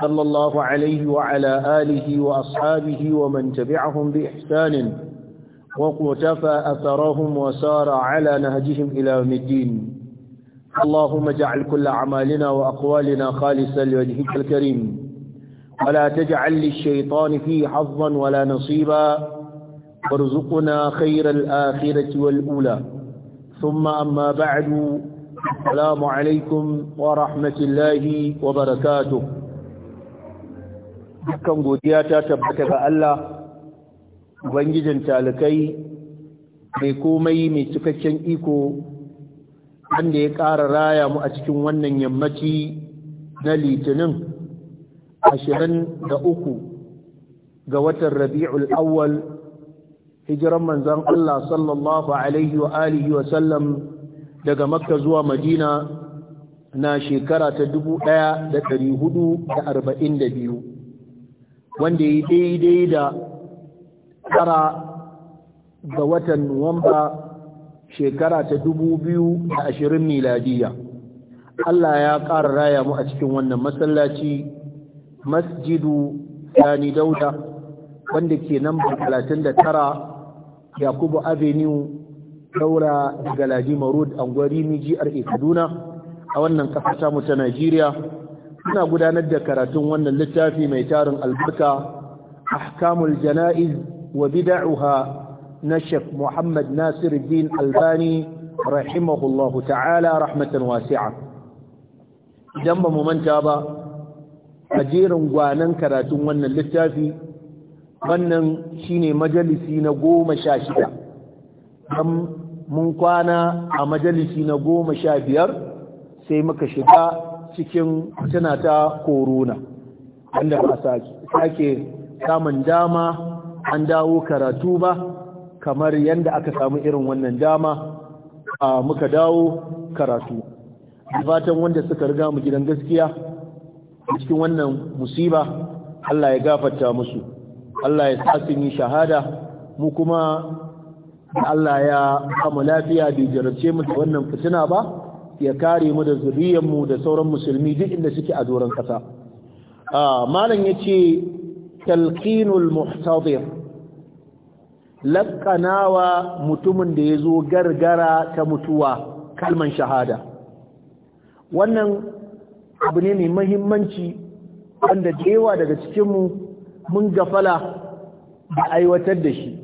صلى الله عليه وعلى آله وأصحابه ومن تبعهم بإحسان وقتفى أثرهم وسار على نهجهم إلى الدين اللهم اجعل كل أعمالنا وأقوالنا خالصا لوجهك الكريم ولا تجعل للشيطان فيه حظا ولا نصيبا وارزقنا خير الآخرة والأولى ثم أما بعد السلام عليكم ورحمة الله وبركاته dukkan godiya ta tabbata ga Allah ubangijin talikai mai komai mai cikakken iko wanda ya ƙara raya mu a cikin wannan yammaci na litinin ashirin da uku ga watan rabi'ul awwal hijiran manzan Allah sallallahu alaihi wa alihi wa sallam daga makka zuwa madina na shekara ta dubu ɗaya da ɗari hudu da arba'in da biyu. wanda ya daidai da tara ga watan nuwamba shekara ta dubu biyu da ashirin miladiya Allah ya ƙara raya mu a cikin wannan masallaci masjidu sani dauda wanda ke nan talatin da tara yakubu avenue daura daga ladima road angwari mijiyar kaduna a wannan ƙasa mu ta najeriya suna gudanar da karatun wannan littafi mai tarin albarka ahkamul jana'iz wa bid'uha na Sheikh Muhammad Nasiruddin Albani rahimahullahu ta'ala rahmatan wasi'a idan ba mu manta ba a jerin gwanan karatun wannan littafi wannan shine majalisi na goma sha shida mun kwana a majalisi na goma sha biyar sai muka shiga cikin tana ta korona wanda ba sake samun dama an dawo karatu ba kamar yadda aka samu irin wannan dama a muka dawo karatu fatan wanda suka riga mu gidan gaskiya cikin wannan musiba Allah ya gafarta musu Allah ya sasin yi shahada mu kuma Allah ya kama lafiya bai jarabce mu wannan fitina ba ya kare mu da zuriyar mu da sauran musulmi duk inda suke a doron ƙasa. malam yace talqinul muhtadir lakkanawa mutumin da ya zo gargara ta mutuwa kalman shahada wannan abu ne mai muhimmanci wanda dewa daga daga cikinmu mun gafala da aiwatar da shi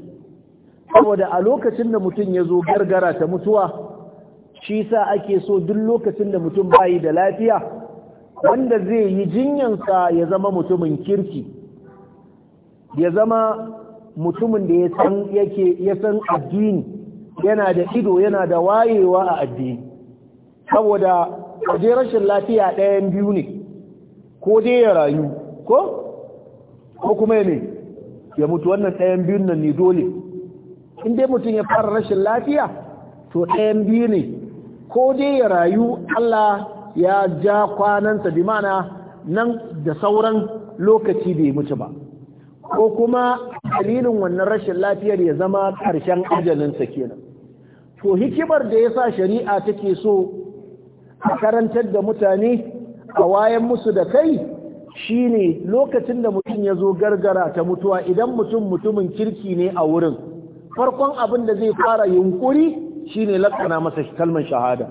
saboda a lokacin da mutum ya zo gargara ta mutuwa shi sa ake so duk lokacin da mutum bayi da lafiya wanda zai yi jinyansa ya zama mutumin kirki ya zama mutumin da ya san yake ya san addini yana da ido yana da wayewa a addini saboda kaje rashin lafiya ɗayan biyu ne ko dai ya rayu ko ko kuma ne ya mutu wannan ɗayan biyun nan ne dole in dai mutum ya fara rashin lafiya to ɗayan biyu ne ko dai ya rayu Allah ya ja kwanansa bi mana nan da sauran lokaci bai mutu ba ko kuma dalilin wannan rashin lafiyar ya zama ƙarshen ajalinsa kenan to hikimar da ya sa shari'a take so a karantar da mutane a wayan musu da kai shine lokacin da mutum ya zo gargara ta mutuwa idan mutum mutumin kirki ne a wurin farkon abin da zai fara yunkuri Shi ne lakana masa kalmar shahada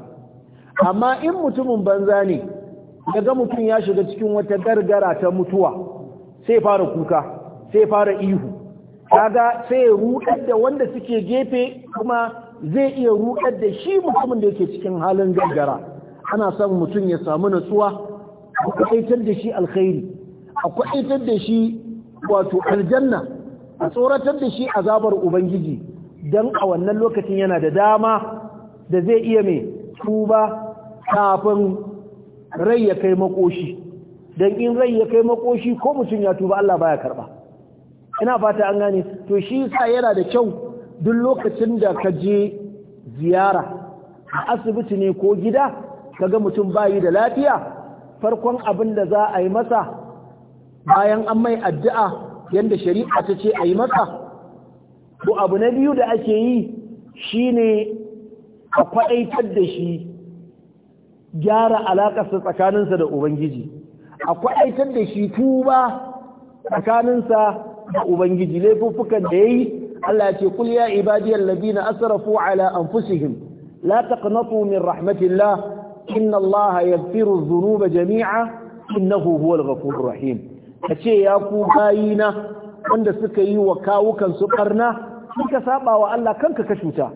amma in mutumin banza ne ya ga mutum ya shiga cikin wata gargara ta mutuwa sai fara kuka sai fara ihu kaga sai ya rudar da wanda suke gefe kuma zai iya rudar da shi mutumin da yake cikin halin gargara ana son mutum ya samu natsuwa a kwaitar da shi alkhairi a kwaitar da shi wato aljanna a tsoratar da shi azabar ubangiji don a wannan lokacin yana da dama da zai iya mai tuba kafin rai ya kai makoshi don in rai ya kai makoshi ko mutum ya tuba Allah baya karba ina fata an gane to shi sa yana da kyau duk lokacin da ka je ziyara a asibiti ne ko gida kaga mutum bayi da lafiya farkon abin da za a yi masa bayan an mai addu'a yanda shari'a ta ce a yi masa to abu na biyu da ake yi shine a kwaɗaitar da shi gyara alaƙarsa tsakaninsa da ubangiji a kwaɗaitar da shi tuba tsakaninsa da ubangiji laifuffukan da ya yi Allah ce kul ya ibadiyar labina asrafu ala anfusihim la taqnatu min rahmatillah inna Allah yaghfiru zunuba jami'a innahu huwal ghafurur rahim kace ya ku bayina wanda suka yi wa kawukan su barna suka saba wa Allah kanka ka cuta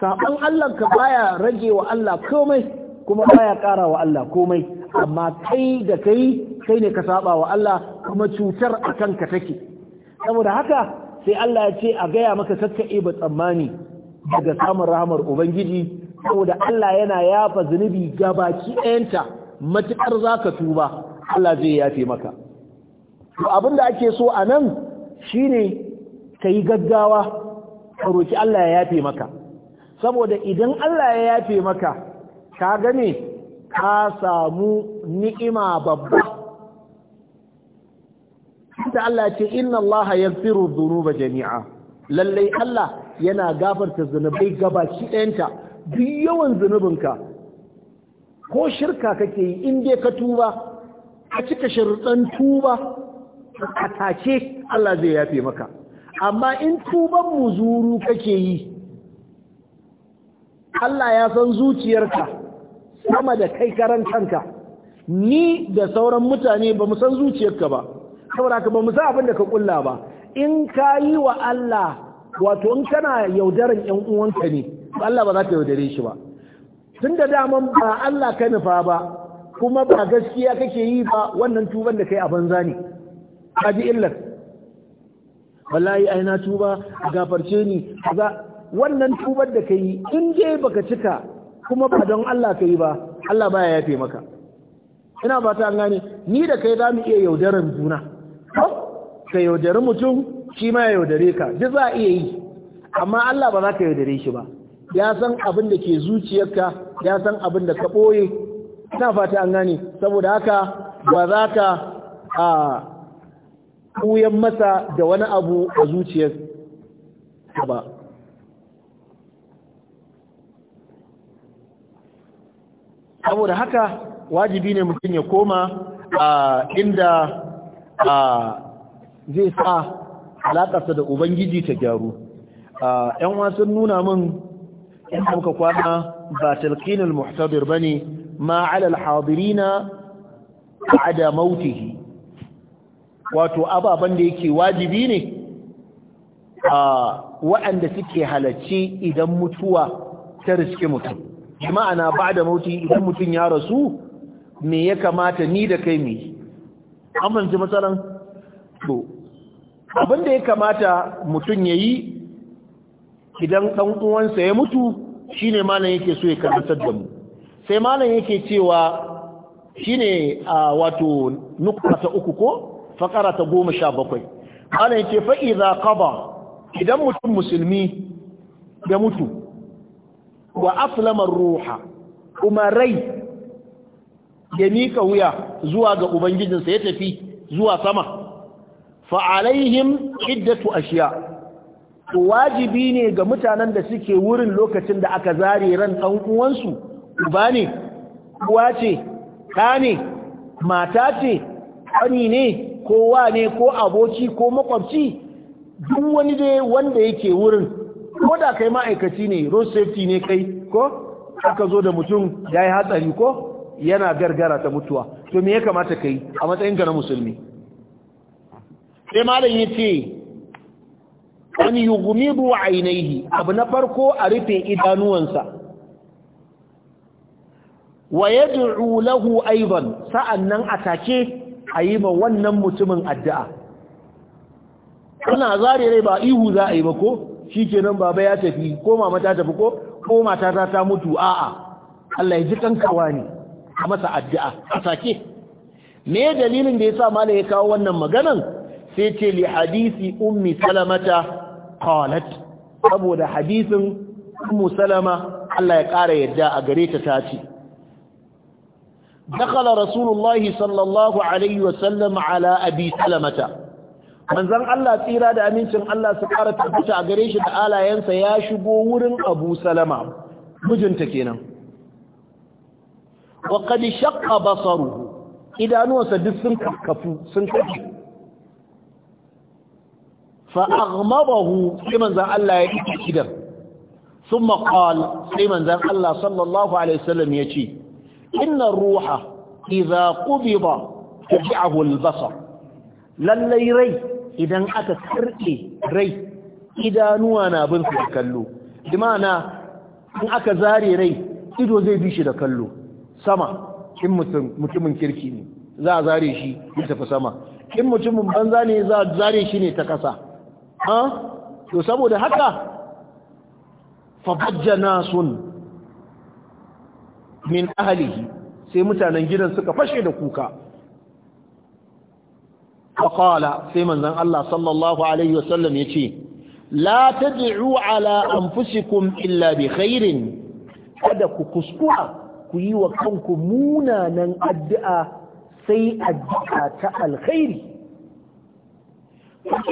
saban Allah ka baya rage wa Allah komai kuma baya ƙara wa Allah komai amma kai da kai kai ne ka saba wa Allah kuma cutar a kanka take saboda haka sai Allah ya ce a gaya maka kakka ba tsammani daga samun rahamar ubangiji saboda Allah yana yafa zunubi ga gabaki ɗayanta matuƙar za ka tuba Allah zai yafe maka to abin da ake so a nan shine ka yi gaggawa ka roki Allah ya yafe maka saboda idan Allah ya yafe maka ka gane ka samu ni'ima babba da Allah ce inna Allah yaghfiru dhunuba jami'a lallai Allah yana gafarta zunubai gabaki ɗayanta duk yawan zunubinka ko shirka kake yi in dai ka tuba a cika shirɗan tuba a Allah zai yafe maka amma in tuban muzuru kake yi Allah ya san zuciyarka sama da kai karan kanka ni da sauran mutane ba mu san zuciyarka ba saboda ka ba mu san abin da ka kulla ba in ka yi wa Allah wato in kana yaudaran ƴan uwanka ne Allah ba za ka yaudare shi ba tun da daman ba Allah ka nufa ba kuma ba gaskiya kake yi ba wannan tuban da kai a banza ne a ji illar wallahi ai na tuba gafarce ni kaza wannan tubar da kai in je baka cika kuma ba don Allah ka yi ba Allah baya yafe maka ina ba ta gane ni da kai za mu iya yaudarar juna ka yaudari mutum shi ma ya yaudare ka duk za a iya yi amma Allah ba za ka yaudare shi ba ya san abin da ke zuciyarka ya san abin da ka ɓoye ina fata an gane saboda haka ba za ka a kuyan masa da wani abu a zuciyar ba saboda haka wajibi ne mutum ya koma a inda a zai sa alaƙarsa da ubangiji ta gyaru yan wasan nuna min yan muka kwana ba talqinul muhtadir bane ma ala alhadirina ba'da mautihi wato ababen da yake wajibi ne a waɗanda suke halarci idan mutuwa ta riske mutum ma'ana ba da mauti idan mutum ya rasu me ya kamata ni da kai mai amince matsalan to abinda ya kamata mutum ya yi idan ɗanuwansa ya mutu shine malam yake so ya karantar da mu sai malam yake cewa shine a wato nukwata uku ko fakara ta goma sha bakwai ana yake fa'iza kaba idan mutum musulmi ya mutu wa aflamar ruha kuma rai ya mika wuya zuwa ga ubangijinsa ya tafi zuwa sama fa'alaihim iddatu ashiya wajibi ne ga mutanen da suke wurin lokacin da aka zare ran ɗan uwansu uba ne uwa ce Ta ne mata ce ƙani ne Kowa ne ko aboki ko makwabci duk wani dai wanda yake wurin ko da kai ma'aikaci ne road safety ne kai ko aka zo da mutum ya yi hatsari ko yana gargara ta mutuwa to me ya kamata kai a matsayin ga na musulmi sai malam ya ce an yi buwa ainihi abu na farko a rufe idanuwansa wa ya lahu aiban nan a take a yi ma wannan mutumin addu'a ana zare rai ba ihu za a yi ba ko shi kenan baba ya tafi ko mama ta tafi ko ko mata ta ta mutu a'a Allah ya ji kankawa ne a masa addu'a a sake me dalilin da ya sa mana ya kawo wannan maganan sai ce li hadisi ummi salamata qalat saboda hadisin ummu salama Allah ya ƙara yadda a gare ta ta ce dakhala rasulullahi sallallahu alaihi wasallam ala abi salamata manzon Allah tsira da amincin Allah su ƙara tabbata a gare shi da alayensa ya shigo wurin Abu Salama mijinta kenan wa qad shaqqa basaruhu idanuwansa duk sun kakkafu sun kafi fa aghmabahu sai manzon Allah ya yi kidan thumma qala sai manzon Allah sallallahu alaihi ya ce inna ruha idza qubida tabi'ahu al-basar lallai rai idan aka karbe rai idanuwa na bin su kallo imana in aka zare rai ido zai bi shi da kallo sama in mutumin kirki ne za a zare shi ya tafi sama in mutumin banza ne za a zare shi ne ta kasa ha to saboda haka na sun min ahali sai mutanen gidan suka fashe da kuka faqala sai manzon Allah sallallahu alaihi wasallam yace la tad'u ala anfusikum illa bi khairin kada ku kuskura ku yi wa kanku munanan addu'a sai addu'a ta alkhairi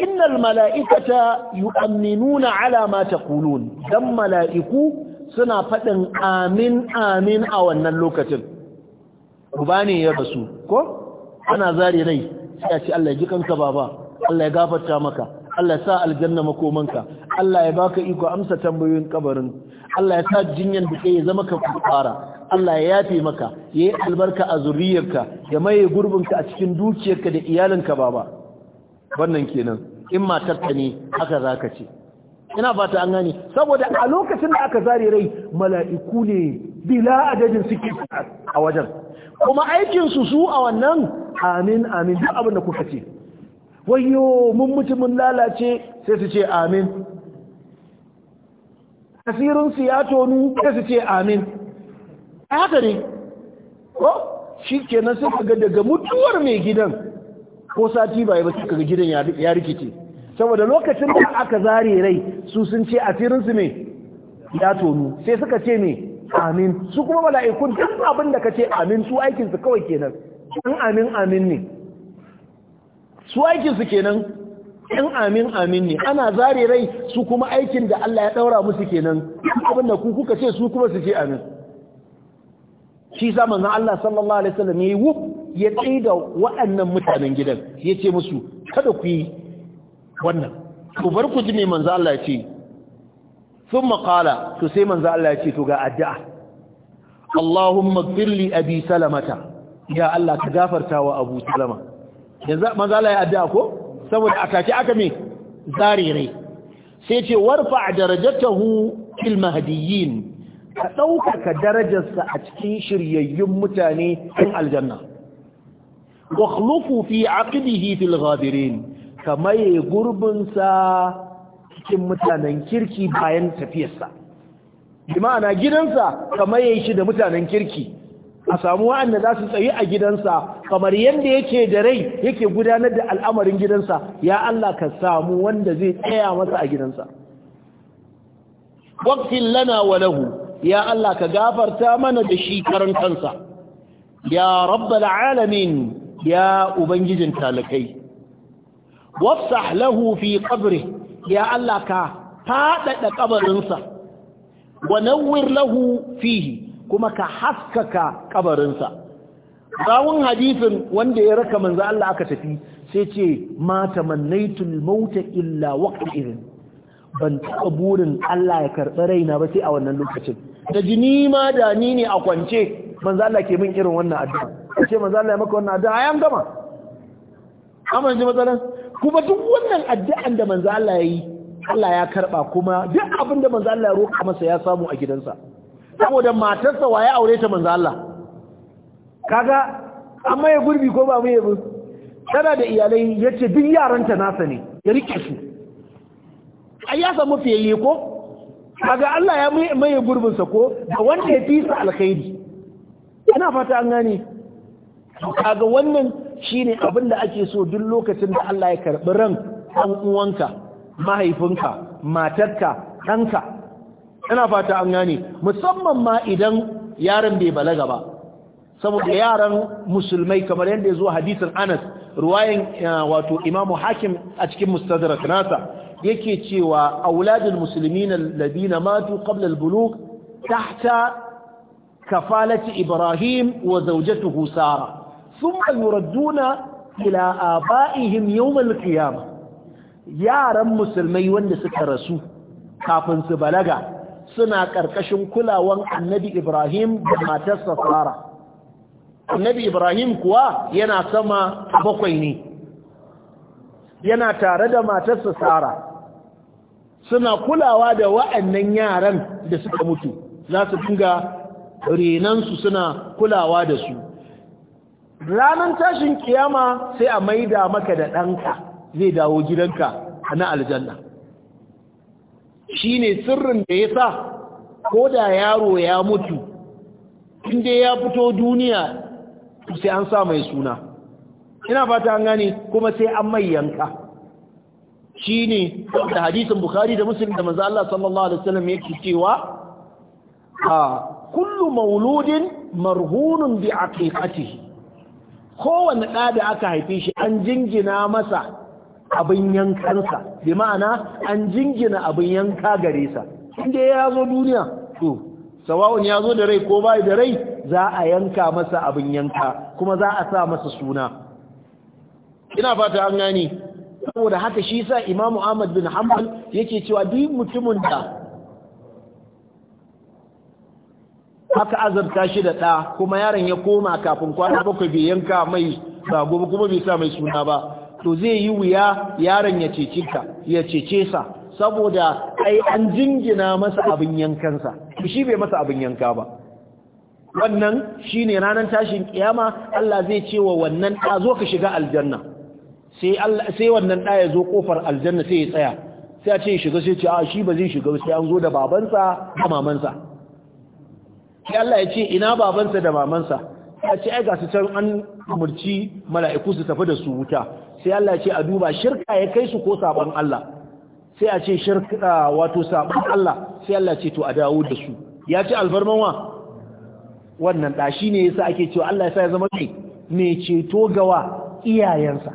innal mala'ikata yu'minuna ala ma kulun, dan mala'iku suna faɗin amin amin a wannan lokacin rubani ne ya rasu ko ana zari rai sai a ce Allah ya ji kanka baba Allah ya gafarta maka Allah ya sa aljanna makomanka Allah ya baka iko amsa tambayoyin kabarin Allah ya sa jinyan da kai ya zama ka fara Allah ya yafe maka ya yi albarka a zuriyarka ya maye gurbinka a cikin dukiyarka da iyalinka baba wannan kenan in matarka ne haka zaka ce ina fata an gane saboda a lokacin da aka zare rai mala'iku ne bila adadin suke a wajen kuma aikin su su a wannan amin amin duk abin da kuka ce wayo mun mutu lalace sai su ce amin asirin ya tonu sai su ce amin haka ne ko shi kenan sai ka ga daga mutuwar mai gidan ko sati ba ya ba suka ga gidan ya rikice saboda lokacin da aka zare rai su sun ce a su ne ya tonu sai suka ce ne amin su kuma mala'ikun duk abin da ka ce amin su aikinsu kawai kenan in amin amin ne su aikinsu kenan in amin amin ne ana zare rai su kuma aikin da Allah ya daura musu kenan abin da ku kuka ce su kuma su ce amin shi sa manzon Allah sallallahu alaihi wasallam yayi wuf ya tsida waɗannan mutanen gidan yace musu kada ku yi wannan ku bar ku ji me manzo Allah ce Sun maƙala. to sai manzo Allah ce to ga addu'a Allahumma ighfir li abi salamata ya Allah ka gafarta wa abu salama yanzu manzo Allah ya addu'a ko saboda atake aka me zarire sai ce warfa darajatahu fil mahdiyyin ka ɗaukaka darajarsa a cikin shiryayyun mutane ɗin aljanna wa khlufu fi aqidihi fil ghabirin ka maye gurbinsa cikin mutanen kirki bayan tafiyarsa bi ma'ana gidansa ka maye shi da mutanen kirki a samu wa'anda za su tsayi a gidansa kamar yadda yake da rai yake gudanar da al'amarin gidansa ya Allah ka samu wanda zai tsaya masa a gidansa waqfin lana wa lahu ya Allah ka gafarta mana da shi karantansa kansa ya rabbal alamin ya ubangijin talakai wafsah lahu fi qabri ya Allah ka fadada kabarinsa wa nawwir lahu fihi kuma ka haskaka kabarinsa rawun hadisin wanda ya raka manzo Allah aka tafi sai ce ma tamannaitul maut illa waqti irin ban taɓa burin Allah ya karɓi raina ba sai a wannan lokacin da jini ma da ni ne a kwance manzo Allah ke min irin wannan addu'a sai manzo Allah ya maka wannan addu'a ayan gama amma ji matsalan kuma duk wannan addu'an da manzo Allah yayi Allah ya karba kuma duk abin da manzo Allah ya roƙa masa ya samu a gidansa saboda matarsa waye aure ta manzo Allah kaga amma ya gurbi ko ba mai yabo tana da iyalai yace duk yaranta nasa ne ya rike su ai ya samu fiye ko kaga Allah ya mai gurbin sa ko da wanda ya fi sa alkhairi ina fata an gane kaga wannan shine abin da ake so duk lokacin da Allah ya karɓi ran ɗan uwanka mahaifinka matarka ɗanka ina fata an gane musamman ma idan yaron bai balaga ba saboda yaran musulmai kamar yadda ya zo hadisin anas ruwayan wato imamu hakim a cikin mustadrak nasa yake cewa musulmi na alladina matu qabla albulugh tahta kafalati ibrahim wa zawjatuhu sara thumma yuradduna ila abaihim yawm qiyamah yaran musulmai wanda suka rasu kafin su balaga suna karkashin kulawan annabi Ibrahim da matarsa Sara annabi Ibrahim kuwa yana sama bakwai ne yana tare da matarsa Sara suna kulawa da wa'annan yaran da suka mutu za su dinga renansu suna kulawa da su ranar tashin kiyama sai a maida maka da ɗanka zai dawo gidanka a na aljanna shi ne sirrin da ya sa ko da yaro ya mutu inda ya fito duniya sai an sa mai suna ina fata an gane kuma sai an mai yanka shi ne da hadisin bukari da musulun da maza Allah sallallahu Alaihi wasallam yake cewa a ah, kullu mauludin marhunun bi aqiqatihi kowane ɗa da aka haife shi an jingina masa abin yankansa bi ma'ana an jingina abin yanka gare sa inda ya zo duniya to sawa'un ya zo da rai ko bai da rai za a yanka masa abin yanka kuma za a sa masa suna ina fata an gani. saboda haka shi sa Imam ahmad bin hanbal yake cewa duk mutumin da aka azarta shi da ɗa kuma yaron ya koma kafin kwana bakwai bai yanka mai rago ba kuma bai sa mai suna ba to zai yi wuya yaron ya cece ka ya cece sa saboda ai an jingina masa abin yankansa shi bai masa abin yanka ba wannan shine ranar tashin kiyama Allah zai ce wa wannan ɗa zo ka shiga aljanna sai Allah sai wannan ɗa ya zo kofar aljanna sai ya tsaya sai a ce shiga sai ce a shi ba zai shiga sai an zo da babansa da mamansa sai Allah ya ce ina babansa da mamansa ya ce ai ga su can an murci mala'iku su tafi da su wuta sai Allah ya ce a duba shirka ya kai su ko saban Allah sai a ce shirka wato saban Allah sai Allah ya ce to a dawo da su ya ce alfarman wa wannan da shi ne yasa ake cewa Allah ya sa ya zama kai. Me ceto gawa iyayensa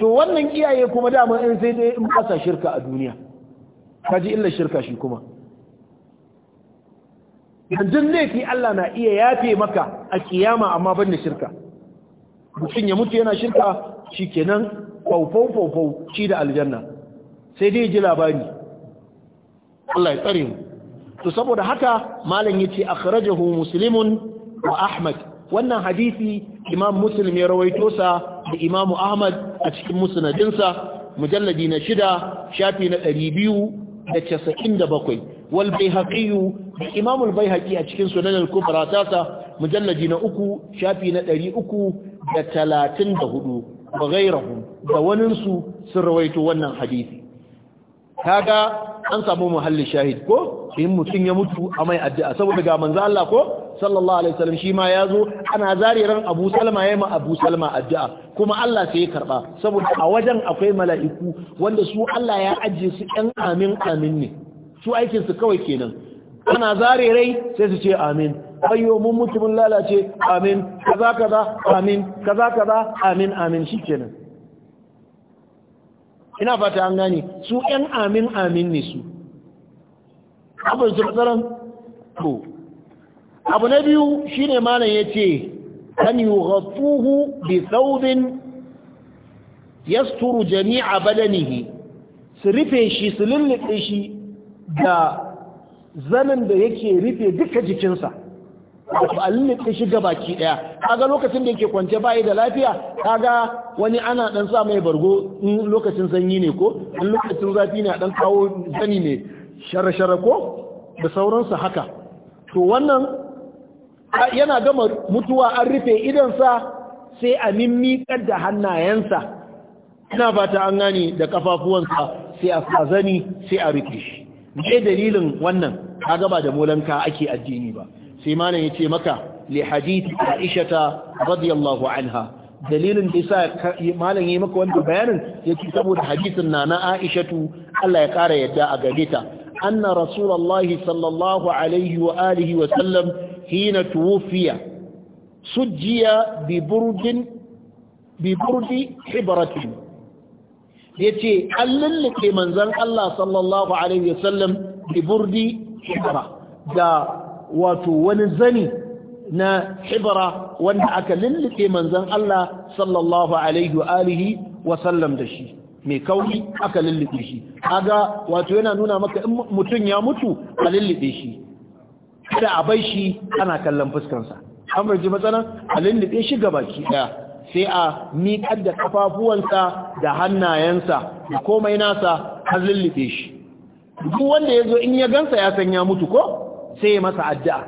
to wannan iyaye kuma dama in sai dai in fasa shirka a duniya kaji illa shirka shi kuma yanzu laifi Allah na iya yafe maka a kiyama amma ban da shirka mutum ya mutu yana shirka shi kenan faufau-faufau shi da aljanna sai dai ji labari Allah ya tsare mu to saboda haka malam yace akhrajahu muslimun wa ahmad wannan hadisi imam muslim ya rawaito sa da Imam ahmad a cikin musnadinsa mujalladi na shida shafi na 297 wal bayhaqi da Imamul bai baihaqi a cikin Sunan al-Kubra ta mujallaji na uku shafi na uku da talatin da da su sun rawaito wannan hadisi kaga an samu muhalli shahid ko in mutum ya mutu a mai addu'a saboda ga manzo Allah ko sallallahu alaihi wasallam shi ma yazo ana zariran Abu Salma yayi ma Abu Salma addu'a kuma Allah sai ya karba saboda a wajen akwai mala'iku wanda su Allah ya ajiye su ɗan amin amin ne su aikin su kawai kenan ana zare rai sai su ce amin ayyo mun mutu mun lalace amin kaza kaza amin kaza kaza amin amin shikenan ina fata an gane su ɗan amin amin ne su abin su tsaron to abu na biyu shine malam yace kan yughattuhu bi thawbin yasturu jami'a badanihi su rufe shi su lullube shi da zanin da yake rufe duka jikinsa wato da shi ga baki ɗaya kaga lokacin da yake kwance bayi da lafiya kaga wani ana dan sa mai bargo in lokacin sanyi ne ko in lokacin zafi ne a dan kawo zani ne shara-shara ko da sauransa haka to wannan yana gama mutuwa an rufe idansa sai a mimmiƙar da hannayensa ina fata an gani da kafafuwansa sai a sa zani sai a rufe shi me dalilin wannan ka gaba da molanka ake addini ba sai malam yace maka li hadith Aisha radiyallahu anha dalilin da yasa malam yayi maka wannan bayanin yake saboda hadithin nana Aisha Allah ya kara yadda a gare ta anna rasulullahi sallallahu alaihi wa alihi wa sallam hina tuwfiya sujjiya bi burdin bi burdi hibratin ya ce an lullube manzan Allah sallallahu Alaihi wasallam da burdi hibara da wato wani zani na hibara wanda aka lullube manzan Allah sallallahu Alaihi wasallam da shi mai kauri aka lullube shi aga wato yana nuna maka in mutum ya mutu a lullube shi da a bai shi ana kallon fuskansa an ji matsalan a lullube shi gabaki daya sai a miƙar da kafafuwansa da hannayensa da komai nasa har lullube shi duk wanda ya zo in ya gansa ya san ya mutu ko sai ya masa addu'a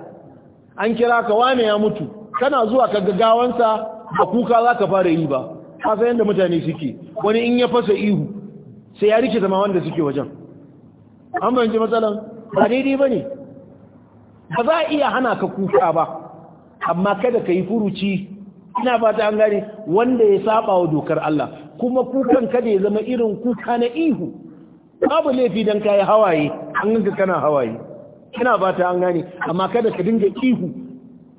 an kira ka wane ya mutu kana zuwa ka ga gawansa ba kuka za ka fara yi ba Ka san yadda mutane suke wani in ya fasa ihu sai ya rike zama wanda suke wajen an bayanci matsalan ba daidai ba ne ba za a iya hana ka kuka ba amma kada ka yi furuci ina fata an gane wanda ya saba wa dokar Allah kuma kukan ka ne zama irin kuka na ihu babu laifi dan kai hawaye an ganka kana hawaye ina fata an gane amma kada ka dinga ihu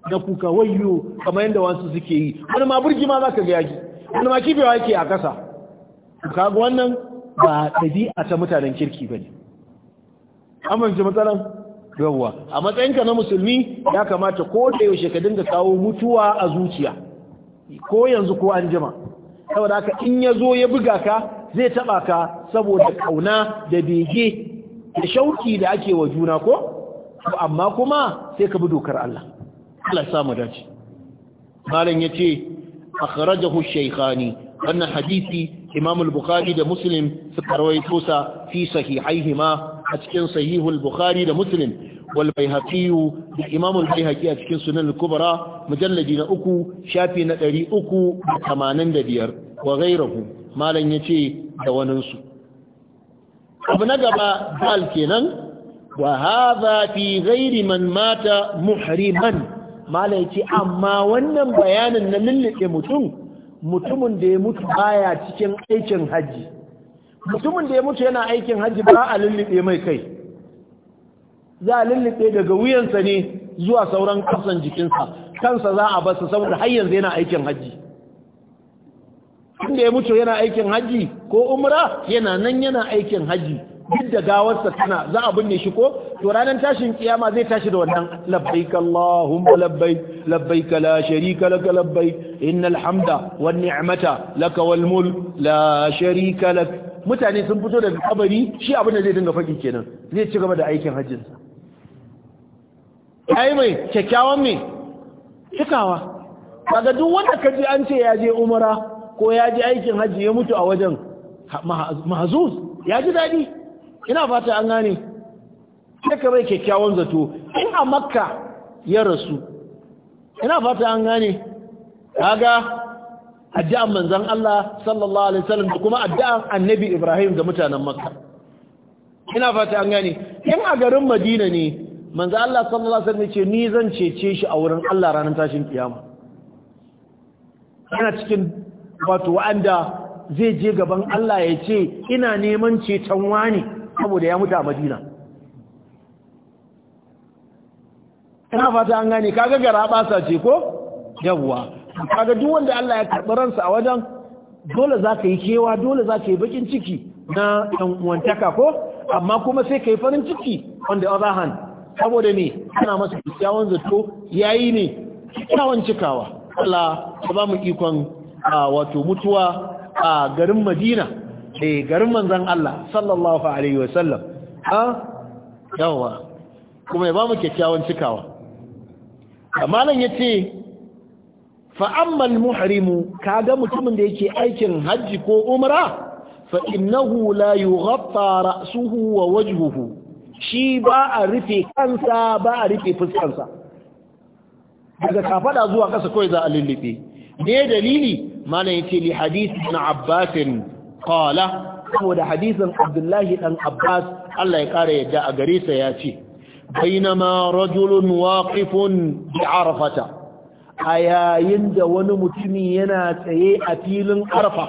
da kuka wayyo kamar yanda wasu suke yi wani ma burgi ma zaka ga yaki wani ma kifewa yake a kasa kaga wannan ba ɗabi'a ta mutanen kirki bane amince matsalan yawwa a matsayinka na musulmi ya kamata ko da yaushe ka dinga kawo mutuwa a zuciya ko yanzu ko an jima saboda haka in ya zo ya buga ka zai taba ka saboda kauna da bege da shauki da ake wa juna ko amma kuma sai ka bi dokar Allah Allah ya samu dace malam yace akhrajahu shaykhani wannan hadisi Imam al-Bukhari da Muslim suka rawaito sa fi sahihaihima a cikin sahihul Bukhari da Muslim wal bayhaqiyu da imam al a cikin sunan al kubra mujalladi na uku shafi na 385 wa ghayruhu malan yace da wanin su na gaba dal kenan wa hadha fi man mata muhriman malan yace amma wannan bayanin na lullube mutum mutumin da ya mutu baya cikin aikin hajji. mutumin da ya mutu yana aikin hajji ba a mai kai za a lullube daga wuyansa ne zuwa sauran kasan jikinsa kansa za a basa saboda har yanzu yana aikin hajji inda ya mutu yana aikin hajji ko umra yana nan yana aikin hajji duk da gawarsa tana za a binne shi ko to ranar tashin kiyama zai tashi da wannan labbaik allahumma labbaik labbaik la sharika lak labbaik innal hamda wan ni'mata lak wal mulk la sharika lak mutane sun fito daga kabari shi abin da zai dinga faɗi kenan zai ci gaba da aikin hajjinsa yayi mai kyakkyawan me cikawa ga duk wanda ka ji an ce ya je umara ko ya je aikin hajji ya mutu a wajen mahazuz ya ji daɗi ina fata an gane sai ka bai kyakkyawan zato in a makka ya rasu ina fata an gane kaga addu'an manzon Allah sallallahu alaihi wasallam da kuma addu'an annabi Ibrahim ga mutanen makka ina fata an gane in a garin Madina ne manzo Allah sallallahu alaihi wasallam ce ni zan cece shi a wurin Allah ranar tashin kiyama yana cikin wato wanda zai je gaban Allah ya ce ina neman ceton wani saboda ya mutu a Madina ina fata an gane kaga gara basa ce ko yawwa kaga duk wanda Allah ya karɓi ransa a wajen dole za ka yi kewa dole za ka yi bakin ciki na ɗan uwantaka ko amma kuma sai ka yi farin ciki on the other hand saboda ne ana masa kyakkyawan zato yayi ne kyakkyawan cikawa Allah ya ba mu ikon wato mutuwa a garin Madina da garin manzon Allah sallallahu alaihi wasallam ha yawa kuma ya ba mu kyakkyawan cikawa malam yace fa amma al kaga mutumin da yake aikin hajji ko umra fa innahu la yughatta ra'suhu wa wajhuhu shi ba a rufe kansa ba a rufe fuskansa daga kafada zuwa kasa kawai za a lullube ne dalili mana yace li hadisi na abbas qala saboda hadisin abdullahi dan abbas Allah ya kare yadda a gare sa ce bainama rajulun waqifun bi arfata ayayin da wani mutumi yana tsaye a filin arfa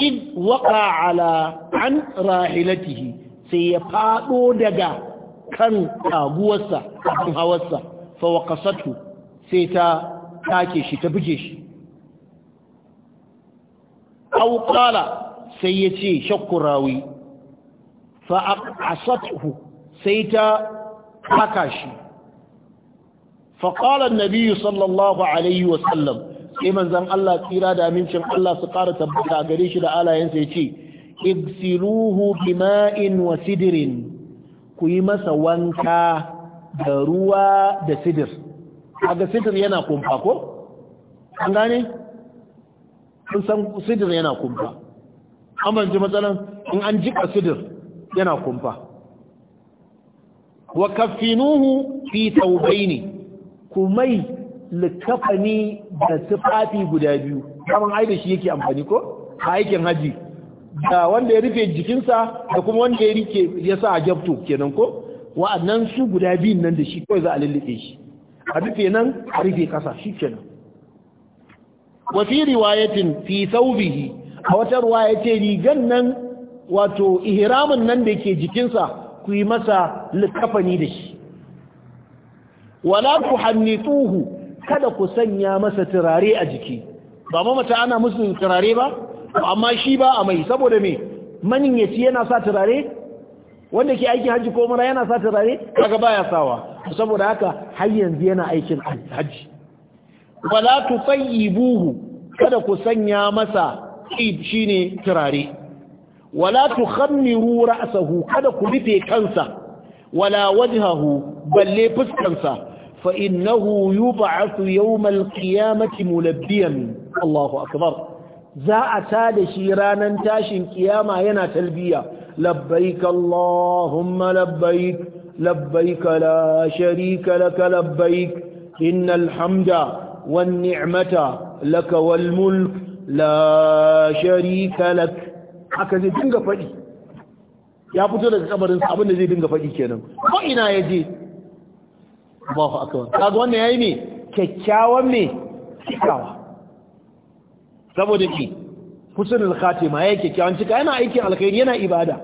id waqa ala an rahilatihi sai ya faɗo daga kan taguwarsa kan hawarsa fa waqasatu sai ta take shi ta buge shi aw sai ya ce rawi fa aqasathu sai ta haka shi fa qala an-nabi sallallahu alaihi wasallam sai manzon Allah tsira da amincin Allah su ƙara tabbata gare shi da alayensa ya ce. igsiluhu bima'in wa sidirin ku yi masa wanka da ruwa da sidir kaga sidir yana kumfa ko an gane kun san sidir yana kumfa an ji matsalan in an jika sidir yana kumfa wa kaffinuhu fi taubaini kumai likafani da tufafi guda biyu kaman Aida shi yake amfani ko a aikin haji da wanda ya rufe jikinsa da kuma wanda ya rike ya sa a jabto kenan ko wa'annan su guda biyun nan da shi kawai za a lullube shi a rufe nan a rufe kasa shi kenan wa riwayatin fi saubihi a wata riwaya ce rigan nan wato ihramin nan da ke jikinsa ku yi masa littafani da shi wala ku hannituhu kada ku sanya masa turare a jiki ba ma ana musu turare ba amma shi ba a mai saboda me maniyyaci yana sa turare wanda ke aikin hajji ko mara yana sa turare kaga baya sawa saboda haka har yanzu yana aikin hajji wala buhu kada ku sanya masa qib shine turare wala tukhammiru ra'sahu kada ku rufe kansa wala wajhahu balle fuskansa fa innahu yub'athu yawm al-qiyamati mulabbiyan Allahu akbar za a ta da shi ranar tashin kiyama yana talbiya Labba'ika Allahumma labbaik labba'ika la sharika laka labbaik innal hamda wan ni'mata laka wal mulk la sharika lak haka zai dinga faɗi ya fito daga kabarin sa abinda zai dinga faɗi kenan ko ina ya je Allahu akbar kaga wannan yayi ne kyakkyawan ne kikawa saboda ki husnul khatima yake kyawanci cika yana aikin alkhairi yana ibada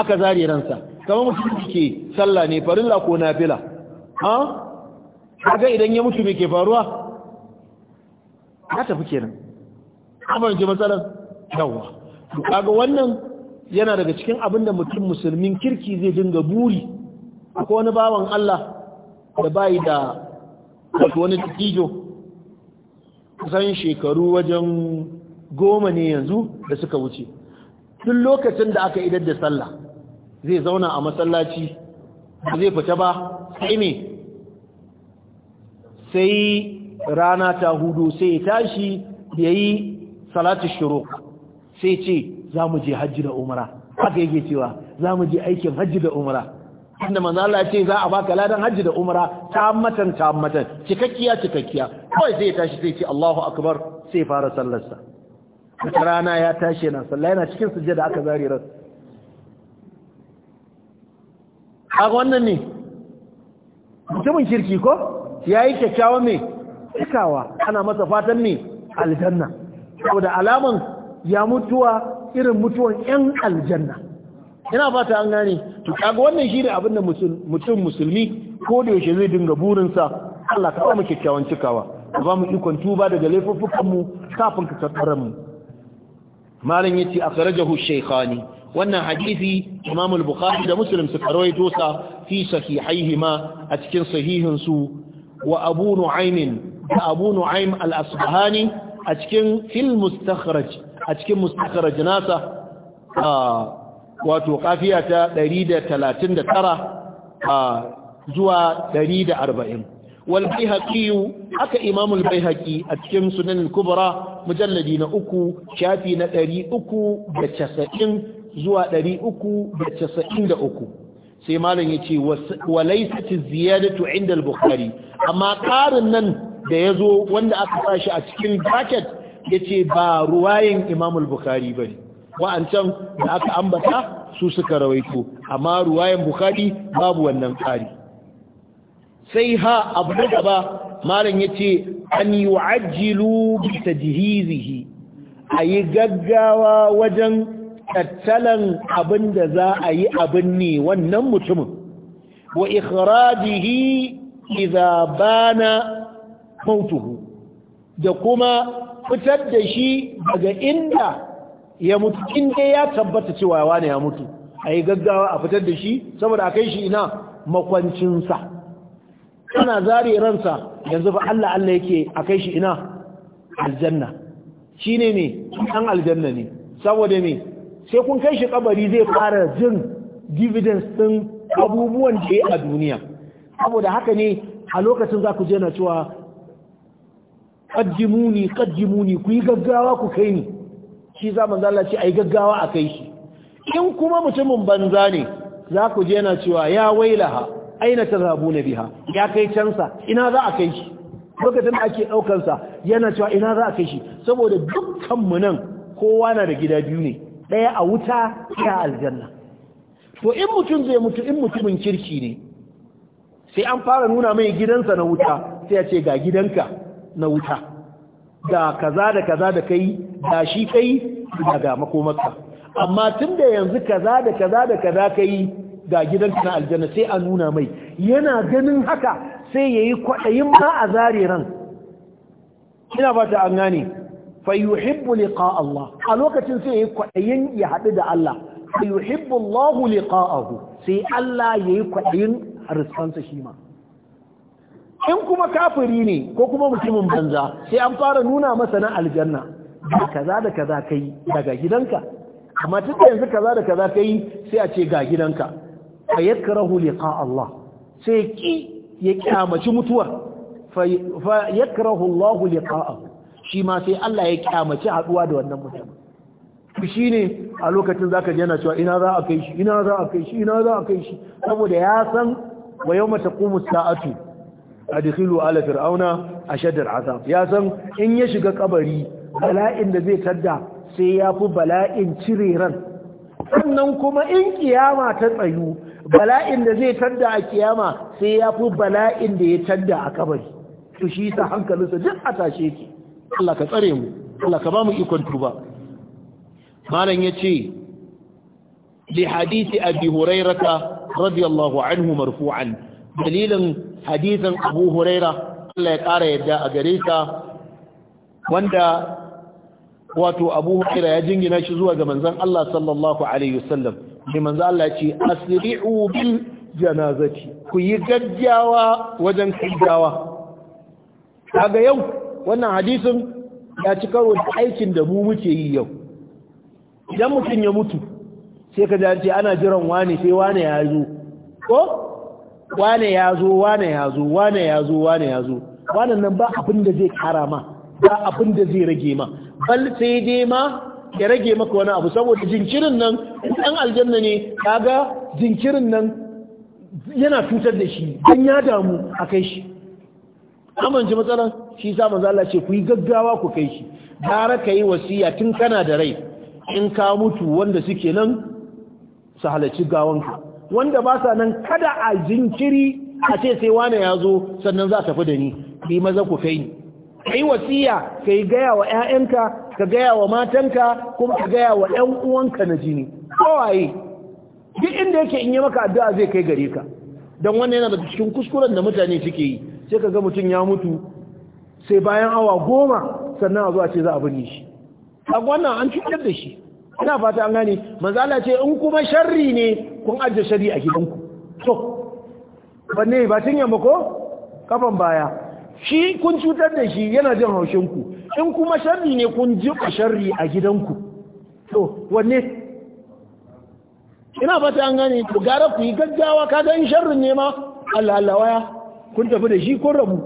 aka zare ransa kamar mutum ke sallah ne farilla ko nafila ha kaga idan ya mutu me ke faruwa ya tafi kenan amma ji matsalar yawa kaga wannan yana daga cikin abin da mutum musulmin kirki zai dinga buri akwai wani bawan Allah da bai da wani tijo kusan shekaru wajen goma ne yanzu da suka wuce duk lokacin da aka idar da sallah zai zauna a masallaci ba zai fita ba sai me sai rana ta hudu sai ya tashi ya yi salatu shiro sai ce za mu je hajji da umara haka yake cewa za mu je aikin hajji da umara inda maza Allah ce za a baka ladan hajji da umara ta matan ta matan cikakkiya cikakkiya kawai zai tashi zai ce Allahu akbar sai fara sallarsa sa rana ya tashi na. sallah yana cikin sujjada aka zare ran a wannan ne mutumin kirki ko yayi kyakkyawa me cikawa ana masa fatan ne aljanna saboda alaman ya mutuwa irin mutuwan yan aljanna ina fata an gane to kaga wannan shine abin da mutum musulmi ko da yaushe zai dinga burinsa Allah ka ba mu kyakkyawan cikawa ka ba mu ikon tuba daga laifuffukanmu kafin ka tattara mu malam yace akhrajahu shaykhani wannan hadisi Imam al-Bukhari da Muslim suka rawaito sa fi sahihaihima a cikin sahihin su wa Abu Nu'aym da Abu Nu'aym al-Asbahani a cikin fil mustakhraj a cikin mustakhraj nasa wato tara ta 139 zuwa 140 wal bayhaqi haka imamul al bayhaqi a cikin sunan al kubra mujalladi na uku shafi na da casa'in zuwa da casa'in 393 sai malam yace walaysat ziyadatu inda al bukhari amma ƙarin nan da ya zo wanda aka sashi a cikin ya ce ba ruwayin imamul al ba ne wa'ancan da aka ambata su suka rawaito amma ruwayan bukhari babu wannan ƙari. sai ha abu na gaba malam ya ce an yi wa'ajilu ta jihizihi a yi gaggawa wajen tattalan abin da za a yi abin ne wannan mutumin wa ikhrajihi izabana bana mautuhu da kuma fitar da shi daga inda ya mutu inda ya tabbata cewa wane ya mutu a yi gaggawa a fitar da shi saboda a kai shi ina makwancinsa kana zare ransa yanzu ba Allah Allah yake a kai shi ina aljanna shine ne ɗan aljanna ne saboda me sai kun kai shi kabari zai fara jin dividends ɗin abubuwan da ya a duniya saboda haka ne a lokacin za ku je na cewa kaddimuni kaddimuni ku yi gaggawa ku kai ni shi za mu Allah ce yi gaggawa a kai shi in kuma mutumin banza ne za ku je cewa ya wailaha aina na biha ya kai cansa ina za a kai shi lokacin da ake daukar sa yana cewa ina za a kai shi saboda dukkan mu nan kowa na da gida biyu ne daya a wuta ya aljanna to in mutum zai mutu in mutumin kirki ne sai an fara nuna mai gidansa na wuta sai ya ce ga gidanka na wuta da kaza da kaza da kai da shi kai da ga makomarka amma tun da yanzu kaza da kaza da kaza kai ga gidanka na aljanna sai a nuna mai yana ganin haka sai yayi kwaɗayin ma a zare ran ina ba ta an gane fa yuhibbu Allah a lokacin sai yayi kwaɗayin ya haɗu da Allah fa yuhibbu Allah liqa'ahu sai Allah yayi kwaɗayin riskansa shi ma in kuma kafiri ne ko kuma mutumin banza sai an fara nuna masa na aljanna da kaza da kaza kai daga gidanka amma tun da yanzu kaza da kaza kai sai a ce ga gidanka fa yakrahu liqa Allah sai ki ya kyamaci mutuwar fa yakrahu Allah liqa'ahu shi ma sai Allah ya kyamaci haduwa da wannan mutum shi ne a lokacin zaka jana cewa ina za a kai shi ina za a kai shi ina za a kai shi saboda ya san wa yawma taqumu sa'atu adkhilu ala fir'auna ashad al'azab ya san in ya shiga kabari bala'in da zai tadda sai ya fi bala'in cire ran sannan kuma in kiyama ta tsayu bala'in da zai tadda a kiyama sai ya fi bala'in da ya tadda a kabari to shi sa hankalinsa duk a tashe ki Allah ka tsare mu Allah ka ba mu ikon tuba malam yace li hadisi abi hurairata radiyallahu anhu marfu'an dalilin Hadisan abu huraira Allah ya kara yadda a gare sa wanda wato abu huraira ya jingina shi zuwa ga manzon Allah sallallahu alaihi wasallam ne manzo Allah ce asri'u bil janazati ku yi gaggawa wajen gaggawa kaga yau wannan hadisin ya ci karo da aikin da mu muke yi yau idan mutum ya mutu sai ka ce ana jiran wane sai wane ya zo ko wane ya zo wane ya zo wane ya zo wane ya zo wannan nan ba abin da zai kara ma ba abin da zai rage ma bal sai dai ma ya rage maka wani abu saboda jinkirin nan ɗan aljanna ne ga jinkirin nan yana cutar da shi don ya damu a kai shi amince matsalar shi sa manzo Allah ce ku yi gaggawa ku kai shi gara ka yi wasiya tun kana da rai in ka mutu wanda suke nan su halarci gawanka wanda ba sa nan kada a jinkiri a ce sai wane ya zo sannan za tafi da ni bi maza ku kai ni kai wasiya kai gaya wa 'ya'yanka ka gaya wa matanka kuma ka gaya wa ɗan uwanka na jini kowaye duk inda yake in yi maka addu'a zai kai gare ka don wannan yana da cikin kuskuren da mutane suke yi sai ka ga mutum ya mutu sai bayan awa goma sannan a zuwa ce za a binne shi a wannan an cutar da shi ina fata an gane manzala ce in kuma sharri ne kun ajiye sharri a gidanku to banne ba tun yamma ko kafan baya shi kun cutar da shi yana jin haushinku in kuma sharri ne kun ku sharri a gidanku to wanne ina fata an gane to gara ku yi gaggawa kaga in sharrin ne ma Allah Allah waya kun tafi da shi kun rabu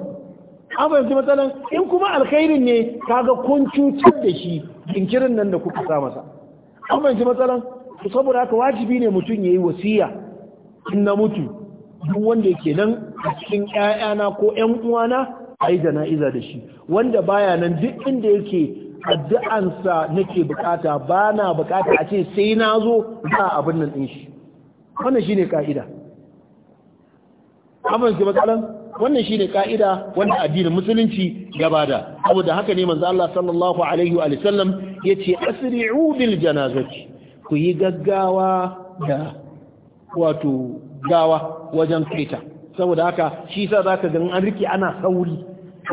an fahimci matsalan in kuma alkhairin ne kaga kun cutar da shi jinkirin nan da kuka sa masa an fahimci matsalan to saboda haka wajibi ne mutum yayi wasiya in na mutu duk wanda yake nan a cikin ƴaƴana ko ƴan uwana a yi jana'iza da shi wanda baya nan duk inda yake addu'ansa nake bukata ba na bukata a ce sai na zo za abin nan ɗin shi wannan shi ne ƙa'ida amince matsalan wannan shi ne ƙa'ida wanda addinin musulunci gaba da saboda haka ne manzo Allah sallallahu alaihi wa sallam ya ce asri'u bil janazati ku yi gaggawa da wato gawa wajen kaita saboda haka shi sa za ka ganin an rike ana sauri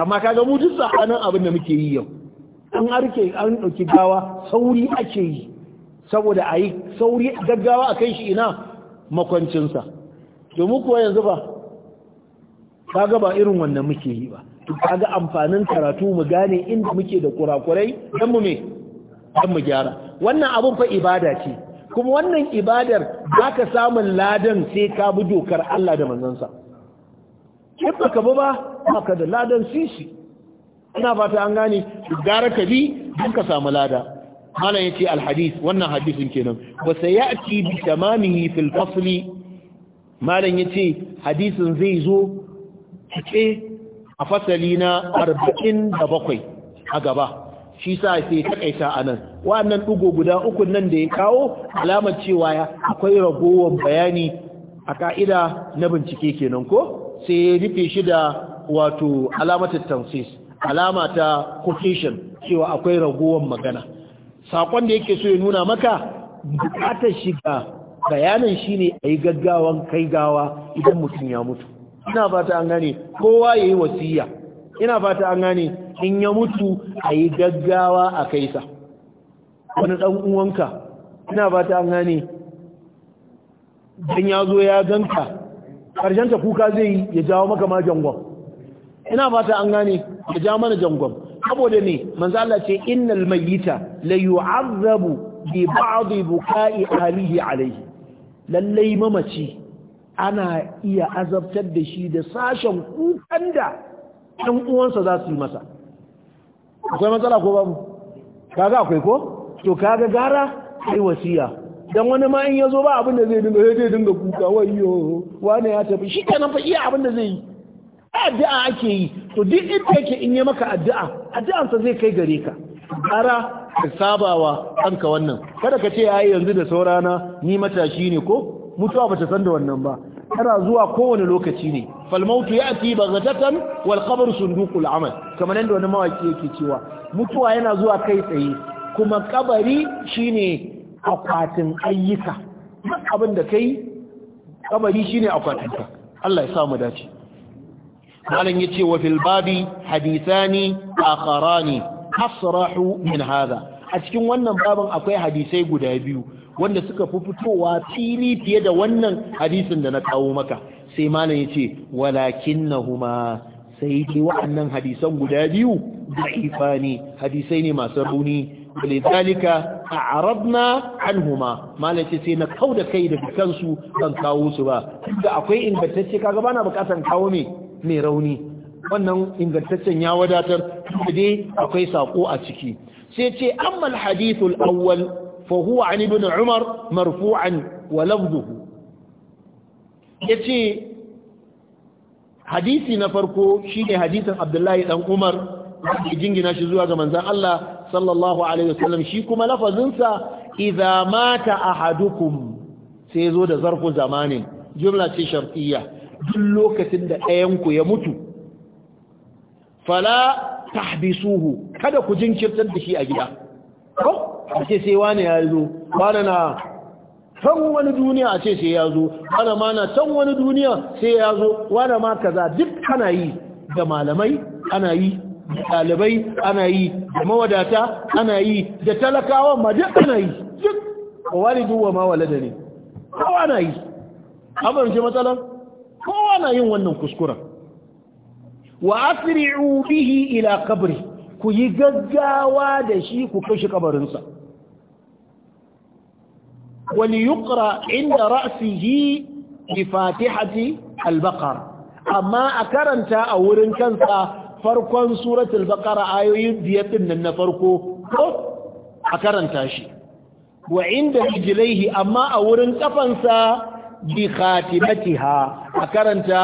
amma kaga ga mutu tsakanin abin da muke yi yau an rike an ɗauki gawa sauri ake yi saboda a yi sauri gaggawa a kai shi ina makwancinsa domin kuwa yanzu ba ga ba irin wannan muke yi ba ga amfanin karatu mu gane inda muke da kurakurai don mu me don mu gyara wannan abun fa ibada ce kuma wannan ibadar za ka samun ladan sai ka bi dokar Allah da manzansa in ka bi ba baka da ladan sisi ina fata an gane gara ka bi don ka samu lada mana ya ce alhadis wannan hadisin kenan sai ya ci bi tamamihi fil fasli malam ya ce hadisin zai zo cike a fasali na arba'in da bakwai a gaba shi sa sai takaita a nan wannan ɗugo guda uku nan da ya kawo alamar cewa akwai ragowar bayani a ka'ida na bincike kenan ko sai ya rufe shi da wato alamatar tansis alama ta quotation cewa akwai ragowar magana Saƙon da yake so ya nuna maka bukatar shiga bayanin a yi gaggawan kai gawa idan mutum ya mutu ina fata an gane kowa ya yi wasiya ina fata an gane in ya mutu a yi gaggawa a kaisa wani dan uwanka ina fata an gane dan ya zo ya ganka karshen kuka zai yi ya jawo maka ma jangon ina fata an gane ya jawo mana jangon saboda ne manzo Allah ce innal mayyita la yu'azzabu bi ba'd buka'i ahlihi alayhi lallai mamaci ana iya azabtar da shi da sashen kukan da ɗan uwansa za su yi masa akwai matsala ko babu kaga akwai ko to kaga gara kai wasiya dan wani ma in zo ba abin da zai dinga sai zai dinga kuka ya tafi shi kenan fa iya abin da zai yi addu'a ake yi to duk inda yake in yi maka addu'a addu'ansa zai kai gare ka ara ka sabawa kanka wannan kada ka ce yayi yanzu da saurana ni matashi ne ko mutuwa bata san da wannan ba tana zuwa kowane lokaci ne falmautu ya ati baghatatan wal qabr sunduqul amal kamar yadda wani mawaki yake cewa mutuwa yana zuwa kai tsaye kuma kabari shine akwatin ayyuka abin kai kabari shine ka. Allah ya samu dace malam yace wa fil babi hadithani akharani asrahu min hadha a cikin wannan babin akwai hadisai guda biyu wanda suka fi fitowa fili fiye da wannan hadisin da na kawo maka sai malam yace walakinnahuma sai dai wa'annan hadisan guda biyu da'ifa ne hadisai ne masu rauni a a'radna anhuma malace sai na da kai daga kansu ban kawo su ba da akwai ingantacce kaga bana bukatan kawo mai rauni wannan ingantaccen ya wadatar dai akwai sako a ciki sai ce amma al-hadith al-awwal fa huwa an ibn umar marfu'an wa lafdhuhu yace hadisi na farko shine hadisin abdullahi dan umar da jingina shi zuwa ga manzon Allah sallallahu alaihi wasallam shi kuma lafazinsa idza mata ahadukum sai zo da zarfu zamanin jumla ce shartiyya duk lokacin da ɗayan ku ya mutu fala tahbisuhu kada ku jinkirtar da shi a gida ko ce sai wani ya zo bana na can wani duniya a ce sai ya zo wani ma na can wani duniya sai ya zo wani ma kaza duk ana yi da malamai ana yi Dalibai ɗalibai ana yi da mawadata ana yi da talakawa ma duk ana yi duk walidu wa ma ne kowa na yi abin ji matsalar kowa na yin wannan kuskuren wa asri'u bihi ila kabri. ku yi gaggawa da shi ku kashi kabarinsa wani yukra inda ra'sihi bi fatihati al-baqara amma a karanta a wurin kansa farkon suratul baqara ayoyin biyar din nan na farko ko a karanta shi wa inda rijlaihi amma a wurin kafansa bi khatimatiha a karanta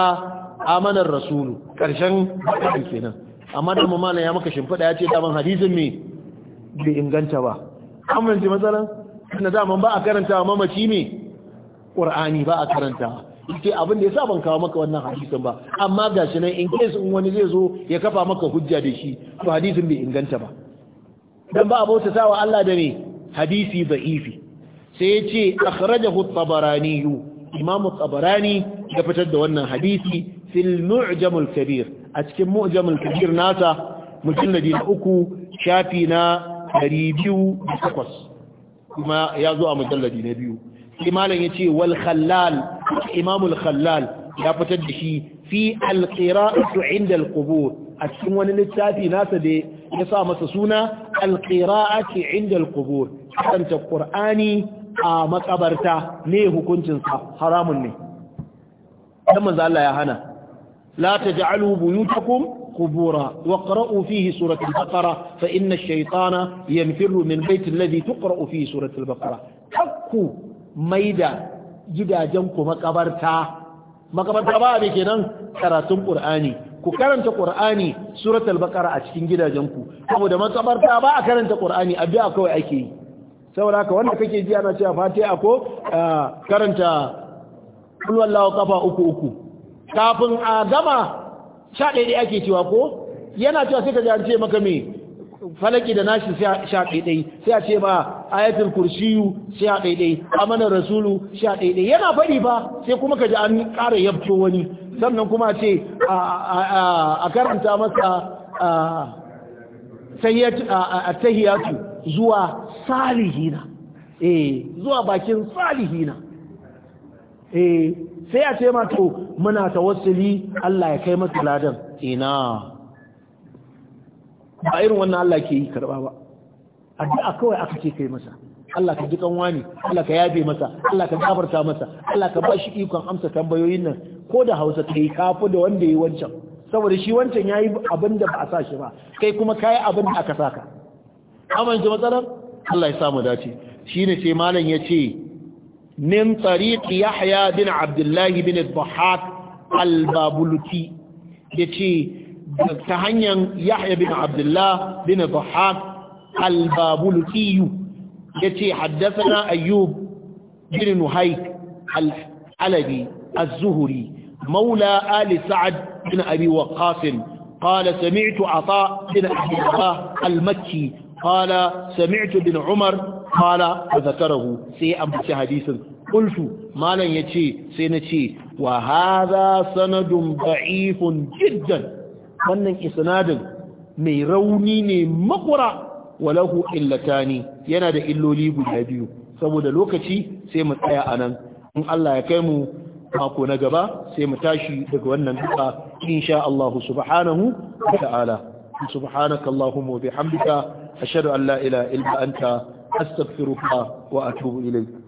amanar rasulu karshen kenan amma da mamala ya maka shimfida ya ce daman hadisin me bai inganta ba amince matsalan na daman ba a karanta mamaci me qur'ani ba a karanta yace abin da yasa ban kawo maka wannan hadisin ba amma gashi nan in case in wani zai zo ya kafa maka hujja da shi to hadisin bai inganta ba dan ba abota sawa Allah da ne hadisi da'ifi sai yace akhrajahu at-tabarani imam at-tabarani ya fitar da wannan hadisi fil mu'jam al-kabir a cikin mu'jam al-kabir nasa mujalladi na uku shafi na 208 kuma ya zo a mujalladi na biyu limalan ya ce wal khallal imamul khallal ya fitar da shi fi alƙira'atu inda alƙubur a cikin wani littafi nasa da ya sa masa suna alƙira'atu inda alƙubur karanta ƙur'ani a makabarta ne hukuncinsa haramun ne dan manzo Allah ya hana la taj'alu buyutakum قبورا واقرأوا فيه سورة البقرة فإن الشيطان ينفر من بيت الذي تقرأ فيه سورة البقرة حقوا maida gidajen ku makabarta makabarta ba ne kenan karatun qur'ani ku karanta qur'ani suratul baqara a cikin gidajen ku saboda makabarta ba a karanta qur'ani a kawai ake yi saboda haka wanda kake ji ana cewa Fati ako karanta kul wallahu kafa uku uku kafin a gama sha ɗaya ake cewa ko yana cewa sai ka ji an ce maka me falaki da nashi sha ɗaiɗai sai a ce ba ayatul kursiyu sha ɗaiɗai amanar rasulu sha ɗaiɗai yana faɗi ba sai kuma ka ji an ƙara yabto wani sannan kuma ce a karanta masa tahiyatu zuwa salihina eh zuwa bakin salihina eh sai a ce ma to muna tawassuli Allah ya kai masa ladan ina ba irin wannan Allah ke yi karba ba addu'a kawai aka ce kai masa Allah ka dukan wani Allah ka yafe masa Allah ka gafarta masa Allah ka ba shi ikon amsa tambayoyin nan ko da Hausa kai kafu da wanda yi wancan saboda shi wancan yayi abin da ba a sa shi ba kai kuma kai abin da aka saka amince matsalar Allah ya sa mu dace shine sai malam yace min tariq Yahya bin Abdullahi bin Dhahhak al-Babuluki yace ta hanyar yahya bin abdullah bin zuhaq al-babulutiyu ya ce haddasa ayyub bin nuhaik al-alabi al maula ali sa'ad bin abi waqasin qala sami'tu ata bin abi waqas al-makki qala sami'tu bin umar qala zakarahu sai an bi hadisin qultu malam yace sai na ce wa hadha sanadun ba'ifun jiddan wannan isnadin mai rauni ne makura walahu illatani yana da illoli guda biyu saboda lokaci sai mu tsaya anan in Allah ya kai mu mako na gaba sai mu tashi daga wannan duka insha Allah subhanahu wa ta'ala subhanaka allahumma wa bihamdika ashhadu an la ilaha illa anta astaghfiruka wa atubu ilayk